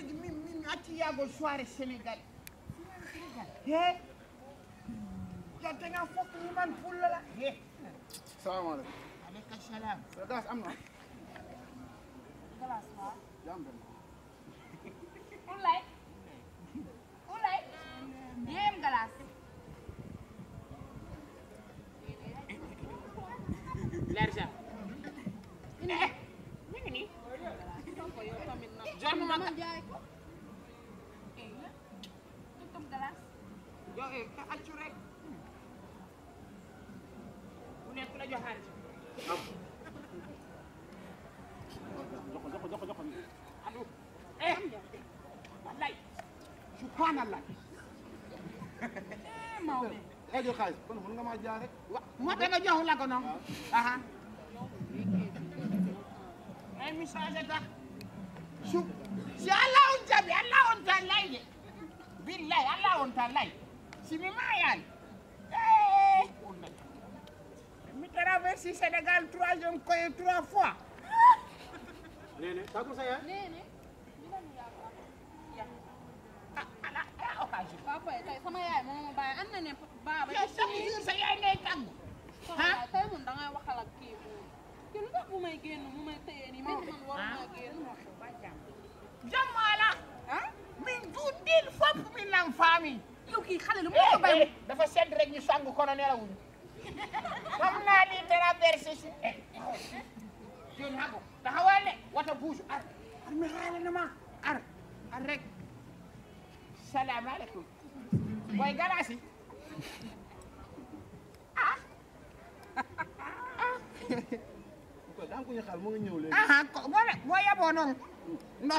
léegi min min acci yaago soirée sénégal he jottega fokk yiman pullala he eh? salamualeykum aleyka salam so gas am na glace wa jam ben ulay ulay yeem glace l'argent ine mi ngi nii jox ma accu rek ku nekk la eh. eh, eh, jox ma jaar moo tax nga jox la aha ay message tax su si Allah on jabi Allah on tan lay Allah on tan Sinimayan. Hey! Mi traversi Sénégal troisième coin trois fois. Nene, tahu saya? Nene. Iya. Ah, oh, Papa, ya, sama yaay moom ma bàyyi am na ne baaba. yow chaque jour sa yaay ngay tàgg. ah tey moom da ngay waxal ak kii moom. kii lu tax bu may génn mu may téye nii man man war naa génn. jàmmaa la. ah min juutil fopp mi nam famille. yow kii xale lu mu ko bay eh, eh, dafa sedd rek ñu sangu kono nelawuñu xam naa li traversé si jon eh, hago taxawal ne wata buusu ar ar mi xaale ar ar rek salaamaaleykum booy galaasi ah ah ko boo yaboo noonu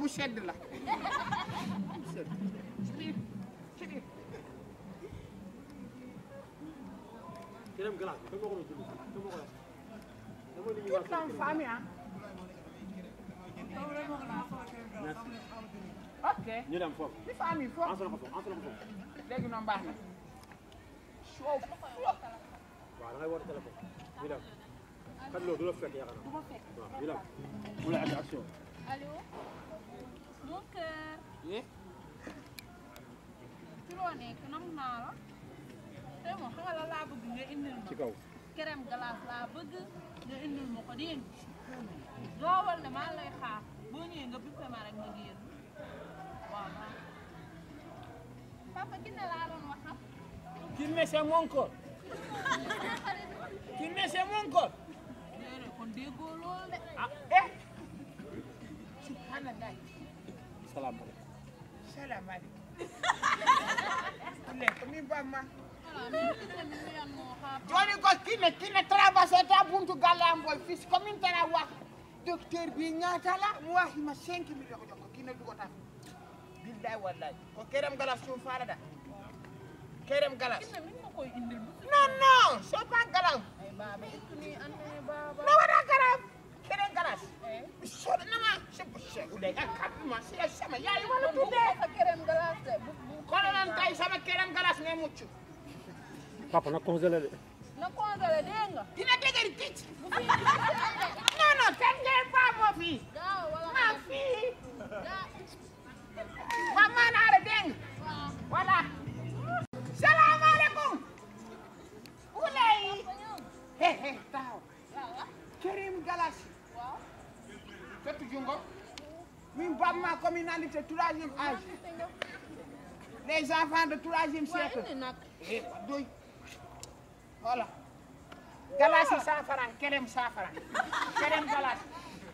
bu sedd la Toute la famille, hein? ok ñu dem foofu. li famille foofu en sonn ko foofu en sonn ko foofu. léegi noonu baax na. waaw da ngay woote téléphone. ñu dem kat loolu du la fekk yaakaar naa. waaw ñu dem. mu la ak action. allo. mon cœur. oui. ci loo nekk nam naa la. tey moom xam la bëgg nga indil ma ci kaw crème glace laa bëgg nga indil ma ko lay xaar nga ma rek papa ginne laa doon waxam ginne c'est mon corps ginne mon kon ah eh subhanallah salaamaaleykum salaamaaleykum lekk mi joni ko kine kine traversé ta buntu gallamboy fis commune tara wax docteur bi ñaatala mo wahima 5 million ko jokko kine dugota billahi wallahi ko kerem galas cum farada kerem galas non non c'est pas galas no waɗa kerem galas eh? soɗnama seuley a kaɓuma ya, sama yayi wala tudde kono noon tawi sama kerem galas ne muccu papa na non non kenn ngeen faa moo fii. maa fii. waaw maa naa la dégg nga. voilà. salaamaaleykum. ulay. taw. Karim Galassi. Tete Jungo. min bamma communalité troisième âge les de troisième siècle voilà galaas yi kerem cent kerem galaas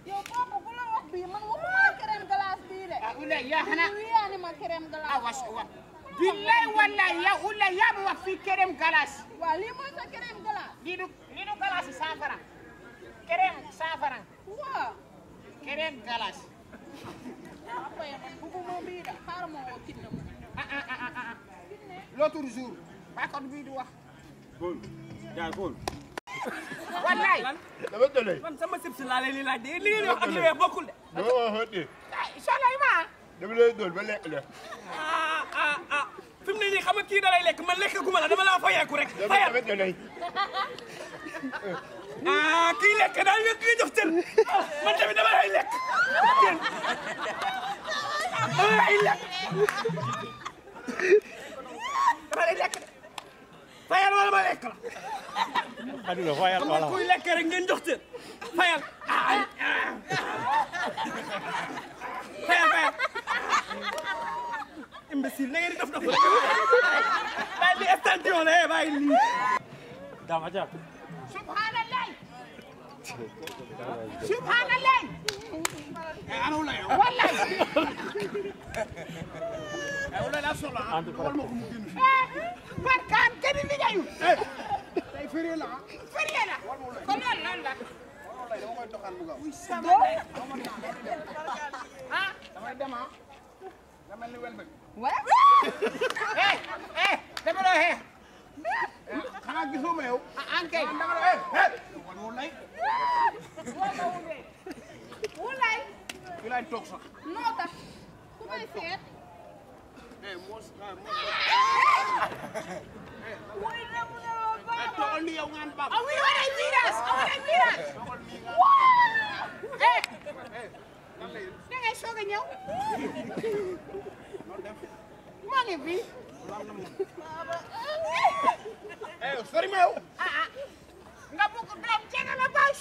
Yo papa ku la wax bii man waxuma kerem galaas bii de ah ulay yaa xanaa yaa ni ma kerem galaas ah was wa billahi wallahi ya ulay yaa ma wax fii kerem galaas waaw lii mooy sa kerem galaas lii du lii du galaas yi kerem cent franc kerem galaas Apa ya man bëgguma bii de xaaral ma woo kinne mu ah ah, ah ah ah ah l'autre jour bakkat bii du wax bon jaajëful. wallaay. dama jëlee man sama sëb si laa leen di laaj de li ngeen di wax ak li ngeen bokkul de. dama wax ak de. incha allah ima. dama lay doon ba lekk la. ah ah ah fi mu ne nii xam nga kii da lay lekk man lekk gu ma la dama laa fayeeku rek. fayal dama jëlee. ah kii lekk daal nga kii jox cër man tamit dama lay lekk. dama lay lekk. dama lay lekk. fayal wala ma lekk la. Aduna fayal wala xam nga kuy lekk rek ngeen jox te fayal. fayal fayal. imbécile na ngeen di dof dof baal di extension la eh, baal di lii. dama ca. subhanallah. subhanallah. Eh, wallaay. wallaay eh, laa soxla ah. wala ma ko mu génn fii. kenn eh, liggéeyul. tey férié la ah. férié la kon loolu lan la. wuy sama nekk ah. damay dem ah. nga mel ni welbeeg. waaw. eh eh dama doon xeex. xanaa gisoo ma yow. ah an kay. dama doon xeex. Eh, eh. wan wulay. wulay. fi laay toog sax. noo tax ku may seet. eh moo ah, ah! toogal ni yow ngaan baax a wi wara miiras wara miiras waaw eh da ngay soog a ñëw maa ngi bi eh sori ma yow ah ah nga bëgg doom jege la baax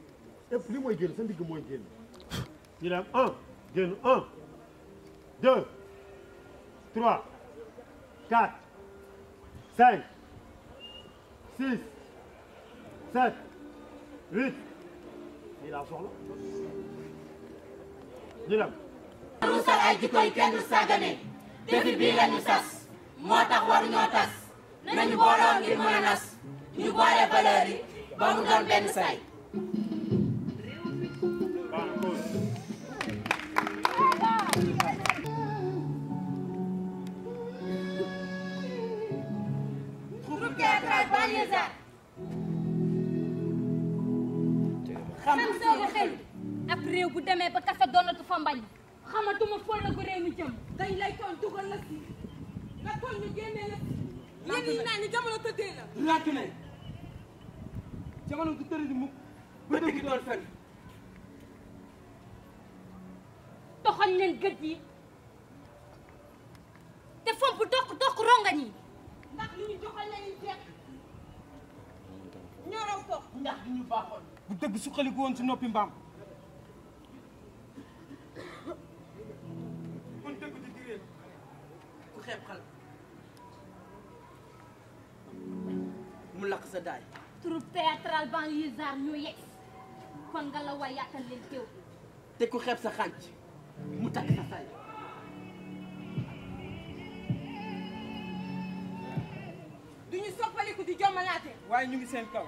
et plus mooy génn sempre que mooy génn ñu dem un génn un deux trois quatre cinq six sept huit lii laa soxla ñu é. ruusal ay jikkoy kenn sàggane defi bii lañu sas moo tax waru ñoo tas nañu booloo ngir mën a nas ñu boole valeur yi ba bem doon benn xam sooga xel ab réew bu demee ba kasa doonatu fa mbañ xamatuma fol la ko réew mi jëm dañ lay toon dugal la si nga toon ñu la si yéen ñi naan ni jamono tëddee la mukk ba dëgg doon fen ndax li ñu joxal lañuy fekk ñoo raw ndax li ñu baaxoon bu dëgg suqaliku woon ci noppi mbaam la dëgg di diréel ku xeeb xal mu lakk sa daay troupe théâtrale banlieusard ñu yegg kon de la waay yàttal teew te ku xeeb sa xànc mu takk sa saay duñu soppaliku di jommalaate waaye ñu ngi seen kaw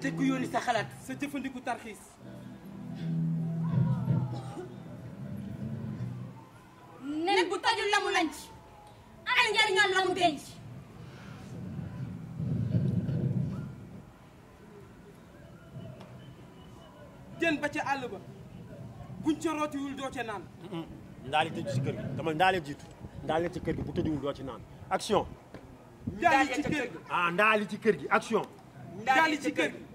te ku yónni sa xalaat sa jëfandiku tarxiis nen bu tajul la mu lanc ana njariñam la mu denc jën ba ca àll ba buñ ca rootiwul doo ca naan ndaali tëju ci kër gi dama ndaali jiitu ndaali ci kër gi doo ci naan action ndaali ci kër gi ah ndaali ci ci kër gi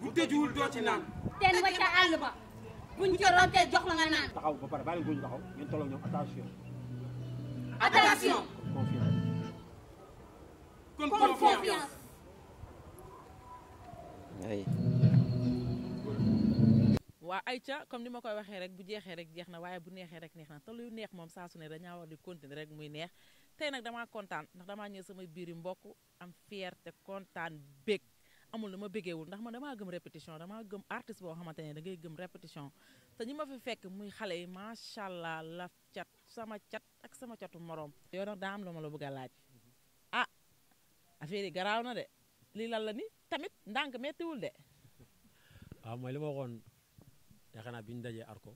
bu tëjuwul doo ci naan. teen ba ca àll ba buñ jox la nga naan. taxaw ba pare bàyyi nguñu taxaw ngeen tolloog ñoom attention. attention. confiance. kon confiance. ay. waa comme ni ma koy waxee rek bu jeexee rek jeex na waaye bu neexee rek neex na te lu neex moom saa su ne dañaa war di continuer rek muy neex tey nag damaa kontaan ndax damaa ñëw sama biir mbokk am fierté kontaan bég amul luma ma wu ndax man damaa gëm répétition damaa gëm artiste boo xamante ne da ngay gëm répétition te ñi ma fi fekk muy xale yi macha allah la cat sama chat, ak sama catu morom. yow nag daa am lu ma la bëgg a laaj ah affaire yi garaaw na de li lan la ni tamit ndànk méttiwul de. waaw ah, mooy li ma waxoon yaakaar naa bi ñu arko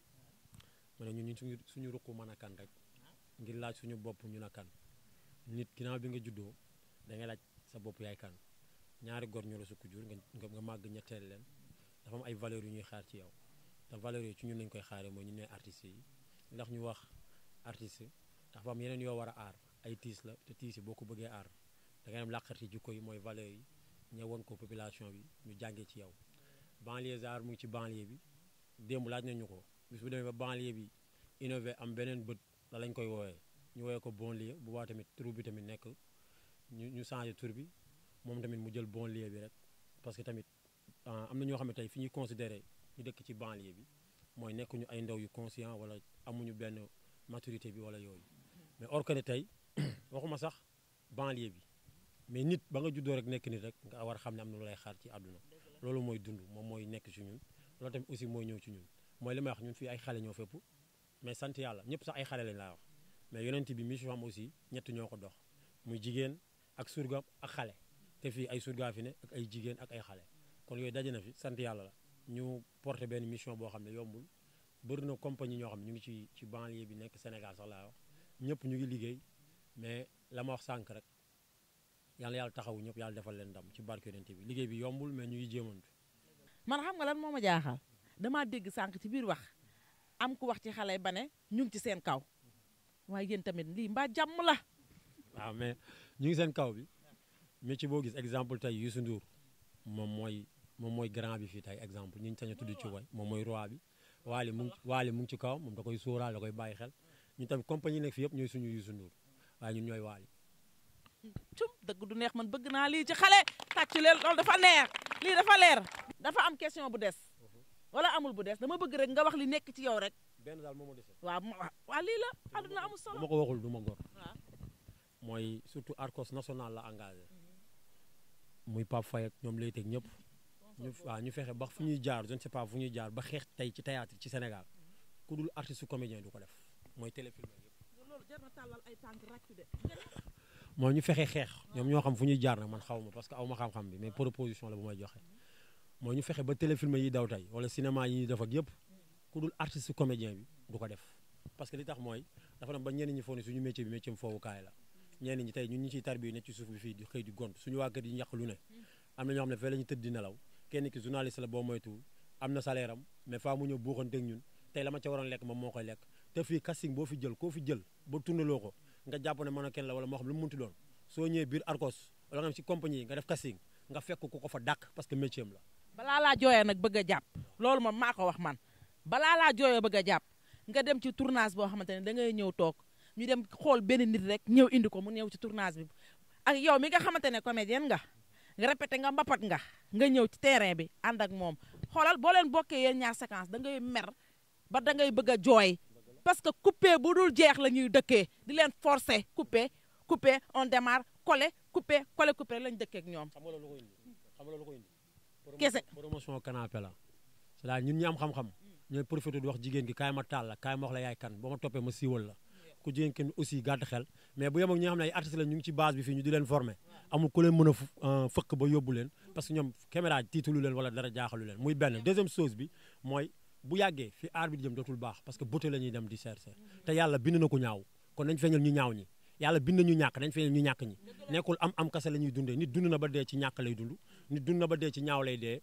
ma ne ñun ñu suñu suñu ruq mën a kan rek ngir laaj suñu bopp ñu na kan nit ginnaaw bi nga juddoo da ngay laaj sa bopp yaay kan. ñaari góor ñoo la sukk jur nga nga màgg ñetteel leen dafa am ay valeurs yu ñuy xaar ci yow te valeurs yi ci ñun lañ koy xaaree mooy ñu ne artistes yi ndax ñu wax artiste dafa am yeneen yoo war a aar ay tiis la te tiis yi boo ko bëggee aar da ngay dem làqarti yi mooy valeurs yi ñëwoon ko population bi ñu jàngee ci yow banlieusard mu ngi ci banlieue bi démb laaj nañu ko bis bu demee ba banlieue bi innové am beneen bët la lañ koy woowee ñu woowee ko banlieue bu baax tamit tur bi tamit nekk ñu ñu changé tur bi mom tamit mu jël bon lieu bi rek parce que tamit ah, am na ñoo xam ne fi ñuy considérer ñu dëkk ci banlieue bi mooy nekkuñu ay ndaw yu conscient wala amuñu benn maturité bi wala yooyu mais or que ne tey waxuma sax banlieue bi mais nit ba nga juddoo rek nekk nit rek nga war xam ne am na lu lay xaar ci àdduna loolu mooy dund moom mooy nekk ci ñun loolu tamit aussi mooy ñëw ci ñun mooy li may wax ñun fii ay xale ñoo fépp mais sant yàlla ñëpp sax ay xale lañ laa wax mais yonent bi mission am aussi ñett ñoo ko dox muy jigéen ak surgam ak xale te fii ay surgaa ne ak ay jigéen ak ay xale kon yooyu daje na fi sant yàlla la ñu porté benn mission boo xam ne yombul bëri na compagnie ñoo xam ne ñu ngi ci ci banlieue bi nekk Sénégal sax ñëpp ñu ngi liggéey mais la ma wax sànq rek yàlla yàlla taxawu ñëpp yàlla defal leen ndam ci barke yonent bi liggéey bi yombul mais ñu ngi jéemantu man xam nga lan moo ma jaaxal damaa dégg sànq ci biir wax am ku wax ci xale yi ba ne ñu ngi ci seen kaw waaye yéen tamit lii mbaa jàmm la waaw mais ñu ngi seen kaw bi métier boo gis exemple tey Youssou Ndour moom mooy moom mooy grand bi fii tey exemple ñu ngi sañ tudd ci way moom mooy roi bi waale mu ngi mu ngi ci kawam moom da koy sóoraal da koy bàyyi xel ñu tamit compagnie nekk fi yëpp ñooy suñu Youssou Ndour waaye ñun ñooy waale cum du neex man bëgg naa lii ci xale tàcc leen loolu dafa neex lii dafa leer dafa am question bu des wala amul bu des dama bëgg rek nga wax li nekk ci yow rek benn daal moo ma dese waaw waaw lii la àdduna amul solo ma ko waxul du ma gor mooy surtout arcos national la engagé muy pas sais ak ñom lay ñëpp ñu ñu je ne sais pas fu ñuy jaar ba tey ci théâtre ci Sénégal ku dul artiste comédien du def moy téléfilm ñu fexé xex ah. ñom ño xam fu jaar man parce que aw xam-xam bi mais ah. proposition la bu may joxé mooy ñu fexé ba téléfilm yi daw tay wala cinéma yi def ak mm. ku dul artiste comédien bi du def parce que li tax moy dafa dem ba ñen ñi foog suñu métier bi métier la ñenn ñi tey ñun ñu ciy tarbi ne ci suuf bi fii di xëy di gont suñu waa kër yi ñu yàq lu ne am na ñoo xam ne fee la ñu tëdd di nelaw kenn ki journaliste la boo moytuwul am na salaire mais faa mu ñëw buuxante ak ñun tey la ma ca waroon lekk moom moo koy lekk te fii casting boo fi jël koo fi jël ba tourneloo ko nga jàpp ne mën a kenn la wala moo xam lu mu munti doon soo ñëwee biir Arcos wala nga am ci compagnie yi nga def casting nga fekk ku ko fa dàq parce que métier am la balaa laa jooyee nag bëgg a jàpp loolu moom maa ko wax man balaa laa jooyee bëgg a jàpp nga dem ci tournage boo xamante ne da ngay ñëw toog ñu dem xool benn nit rek ñëw indi ko mu ñëw ci tournage bi ak yow mi nga xamante ne comédienne nga nga répété nga mbapat nga nga ñëw ci terrain bi ànd ak moom xoolal boo leen bokkee yéen ñaar séquence da ngay mer ba da ngay bëgg a jooy parce que coupé bu dul jeex la ñuy dëkkee di leen forcer coupé coupé on démarre collé coupé collé coupé lañ dëkkee ak ñoom. xam nga loolu ko indi xam nga loolu ko indi. promotion canapé la c'est-à-dire ñun ñi am xam-xam. ñooy profité di wax jigéen gi kaay ma taal la kaay ma wax la yaay kan ba ma toppee ma siiwal la. ku jigéen kenn aussi gàtt xel mais bu yemoon ñi nga xam ne la ñu ngi ci base bi fii ñu di leen former amul ku leen mën a euh, fëkk ba yóbbu leen parce que ñoom caméra tiitalu leen wala dara jaaxalu leen muy benn deuxième chose bi mooy bu yàggee fi aar bi di jëm dootul baax parce que beauté la ñuy dem di chercher te yàlla bind na ko ñaaw kon nañ feeñal ñu ñaaw ñi yàlla bind ñu ñàkk dañ fee ñu ñàkk ñi nekkul am am kase la ñuy dundee nit dund na ba dee ci ñàkk lay dund nit dund na ba dee ci ñaaw lay dee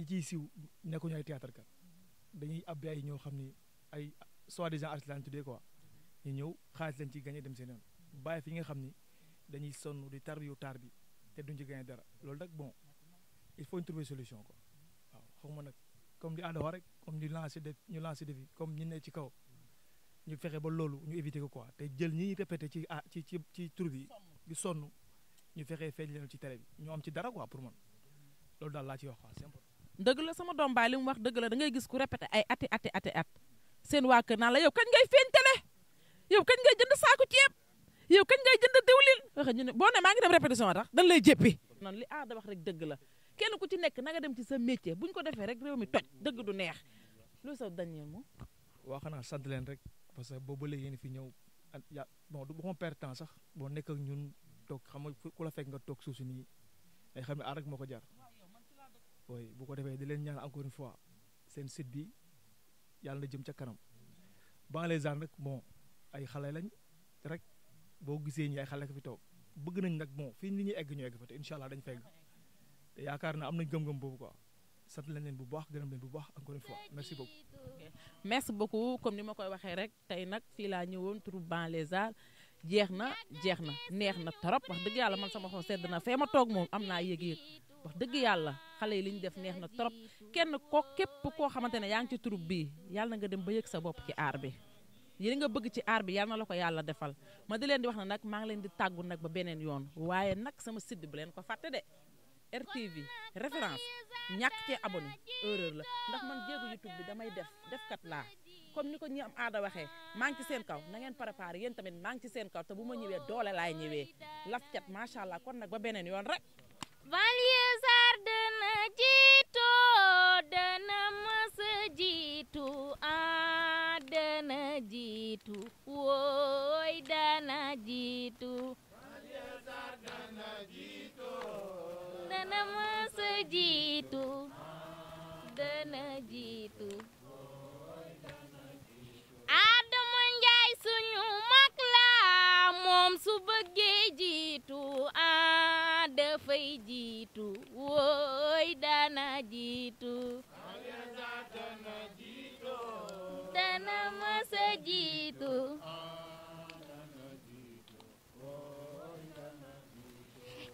ñi ciy siw nekkuñu ay théâtre kat dañuy abbi ay ñoo xam ni ay soi-disant artiste lañ tuddee quoi ñu ñëw xaalis lañ ci gagné dem seen yoon bàyyi fi nga xam ni dañuy sonn di tar yu tar bi te duñ ci gagné dara loolu nag bon il faut ñu trouver solution quoi waaw xaw nag comme di ànda rek comme di lancer de ñu lancer de défi comme ñu ne ci kaw ñu fexe ba loolu ñu éviter ko quoi te jël ñi ñuy répété ci ah ci ci ci tur bi di sonn ñu fexee feeñ leen ci télé bi ñu am ci dara quoi pour man loolu daal laa ci wax quoi c'est important deug la sama doom baay li wax deug la da ngay gis ku répété ay ati ati ati at seen wa kër naan la yow kañ ngay feeñ yow kañ ngay jënd saako ceeb yow kan ngay jënd diwlin wax ñu bo né ma ngi dem répétition tax dañ lay jéppi noonu li aada wax rek deug la kenn ku ci nekk na nga dem ci sa métier buñ ko défé rek réew mi toj deug du neex lu sa dañé mo wax na sant leen rek parce que bobu lay yéen fi ñew ya bon du ma perdre temps sax boo nekk ak ñun tok xam nga ku la fek nga tok suusu si nii day xam ni ar rek moko jaar jar oui bu ko defee di leen ñaan encore une fois seen site bi yàlla na jëm ca kanam banlieusards nag bon ay xale lañ rek boo gisee ñi ay xale ka fi toog bëgg nañ nag moo fi ni ñuy egg ñu egg fa te incha allah dañ fegg te yaakaar naa am nañ gëm-gëm boobu quoi sant leen bu baax gërëm leen bu baax encore une fois merci beaucoup. comme ni ma koy waxee rek tey nag fii laa ñëwoon turu banlieusards jeex na jeex na neex na trop wax dëgg yàlla man sama xol sedd na fee ma toog moom am naa yëg-yëg wax dëgg yàlla xale yi li ñu def neex na trop kenn ko képp koo xamante ne yaa ngi ci troupe bi yàlla na nga dem ba yëg sa bopp ci aar bi li nga bëgg ci aar bi yàlla na la ko yàlla defal ma di leen di wax na nag maa ngi leen di tàggu nag ba beneen yoon waaye nag sama site bu leen ko fàtte de RTV référence ñàkk cee abonné erreur la ndax man jéegu YouTube bi damay def defkat laa comme ni ko ñi am aada waxee maa ngi ci seen kaw na ngeen préparé yéen tamit maa ngi ci seen kaw te bu ma ñëwee doole laay ñëwee laf cat allah kon nag ba beneen yoon rek. Banlieue dana jiitu dana mas jiitu ah dana jiitu wooy dana jiitu. Banlieue dana jitu, dana mas dana jitu. suñu mag la moom su bëggee jiitu ah dafay jiitu wooy dana jiitu dana masa jiitu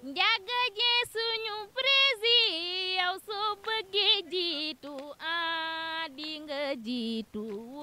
njaga ji suñu prési yow soo bëggee jiitu ah di nga jiitu